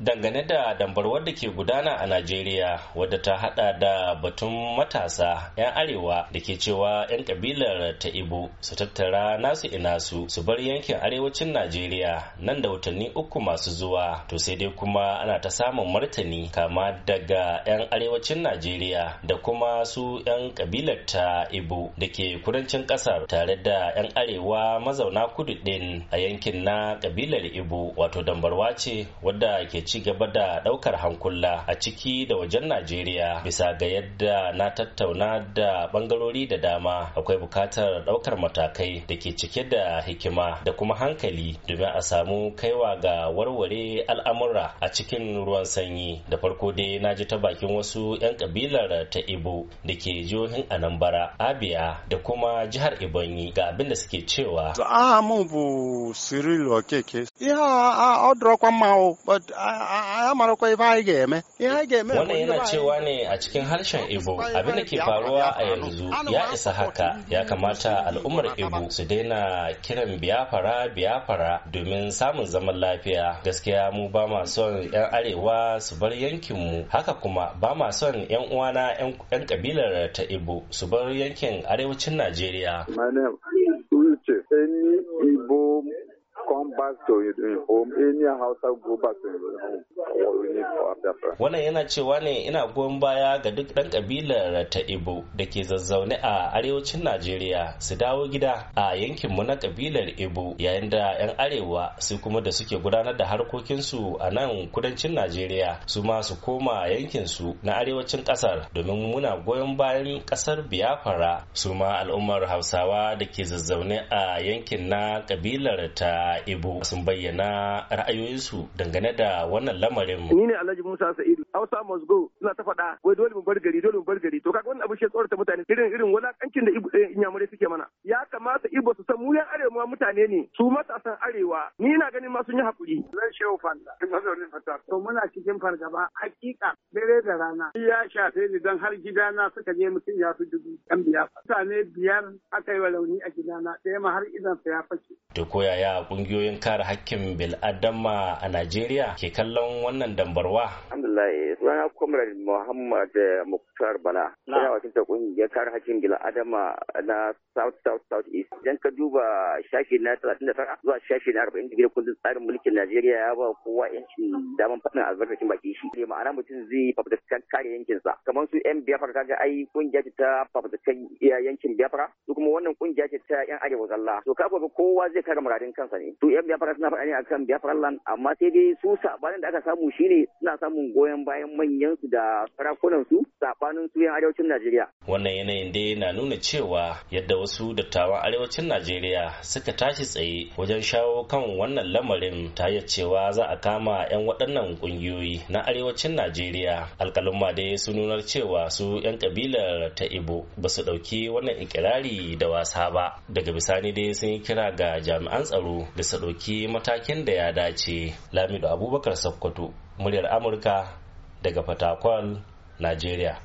dangane da dambarwar da ke gudana a najeriya wadda ta hada da batun matasa 'yan arewa da ke cewa 'yan kabilar ta ibo su tattara nasu inasu su bar yankin arewacin najeriya nan da watanni uku masu zuwa to sai dai kuma ana ta samun martani kama daga 'yan arewacin najeriya da kuma su 'yan kabilar ta ibo da ke kudancin kasar tare da 'yan arewa mazauna kudu din a yankin na kabilar ibo wato dambarwa ce wadda ke ci gaba da daukar hankula a ciki da wajen Najeriya bisa ga yadda na tattauna da bangarori da dama akwai bukatar daukar matakai da ke cike da hikima da kuma hankali domin a samu kaiwa ga warware al'amura a cikin ruwan sanyi da farko dai na ji ta bakin wasu 'yan kabilar ta Ibo da ke jihohin Anambra, Abia da kuma jihar ibonyi ga abin da suke cewa. Aha mu bu Cyril Okeke. Yeah, a I'll draw but amara ya wannan yana cewa ne a cikin harshen Igbo abin da ke faruwa a yanzu ya isa haka ya kamata al'ummar Igbo su daina kiran biyafara biyafara domin samun zaman lafiya gaskiya mu ba ma son yan arewa su bar yankin mu haka kuma ba ma son yan uwana yan kabilar ta Igbo su bar yankin arewacin Najeriya. come back to your home, any house go back to your home. Wannan yana cewa ne ina goyon baya ga duk ɗan ƙabilar ta Ibo da ke zazzaune a arewacin Najeriya su dawo gida a yankin mu na ƙabilar Ibo yayin da 'yan arewa su kuma da suke gudanar da harkokinsu a nan kudancin Najeriya su ma su koma su na arewacin ƙasar domin muna goyon bayan ƙasar Biafra su ma al'ummar Hausawa da ke zazzaune a yankin na ƙabilar ta Ibo sun bayyana ra'ayoyinsu dangane da wannan lamarin. Ni ne Alhaji Musa Sa'idu, Hausa must go, suna ta faɗa, wai dole mu bar gari, dole mu bar gari. To kaga wannan abu shi tsorata mutane, irin irin wulakancin da eh, Inyamurai suke mana. Ya kamata Ibo su san mu yan arewa mutane ne, su matasan arewa. Ni na ganin ma sun yi hakuri. Zan shehu fanda, mazaunin fata. To muna cikin fargaba, hakika dare da rana. Ya shafe ni dan har gidana suka je mutum ya fi dubu ɗan biyar. Mutane biyar aka yi wa launi a gidana, ɗaya ma har idan sa ya fashe. To koyaya kungiyoyin kare hakkin bil'adama a Najeriya ke kallon wannan dambarwa? Alhamdulillah, eh, sunana Comrade Muhammad eh, Muktar Bala. Ina ta kungiyar kare hakkin bil'adama na South South South East. Idan ka duba shafi na 39 zuwa shafi na 40 digiri kundin tsarin mulkin Najeriya ya ba kowa yancin daman faɗin albarkacin baki shi. Ne ma'ana mutum zai fafutukan kare yankinsa. Kamar su 'yan Biafra ga ai kungiya ce ta fafutukan yankin Biafra. Su kuma wannan kungiya ce ta 'yan Arewa zalla. To ka kowa zai kare muradin kansa ne. to yan biyafra suna faɗa ne akan biyafraland amma sai dai su saɓanin da aka samu shine suna samun goyon bayan manyan su da sarakunan su saɓanin su yan arewacin Najeriya wannan yanayin dai na nuna cewa yadda wasu dattawan arewacin Najeriya suka tashi tsaye wajen shawo kan wannan lamarin ta yi cewa za a kama yan waɗannan ƙungiyoyi na arewacin Najeriya alƙalumma dai sun nuna cewa su yan kabilar ta Ibo ba su ɗauki wannan ikirari da wasa ba daga bisani dai sun yi kira ga jami'an tsaro da su ɗauki matakin da ya dace lamido abubakar sakkwato muryar amurka daga fatakwal najeriya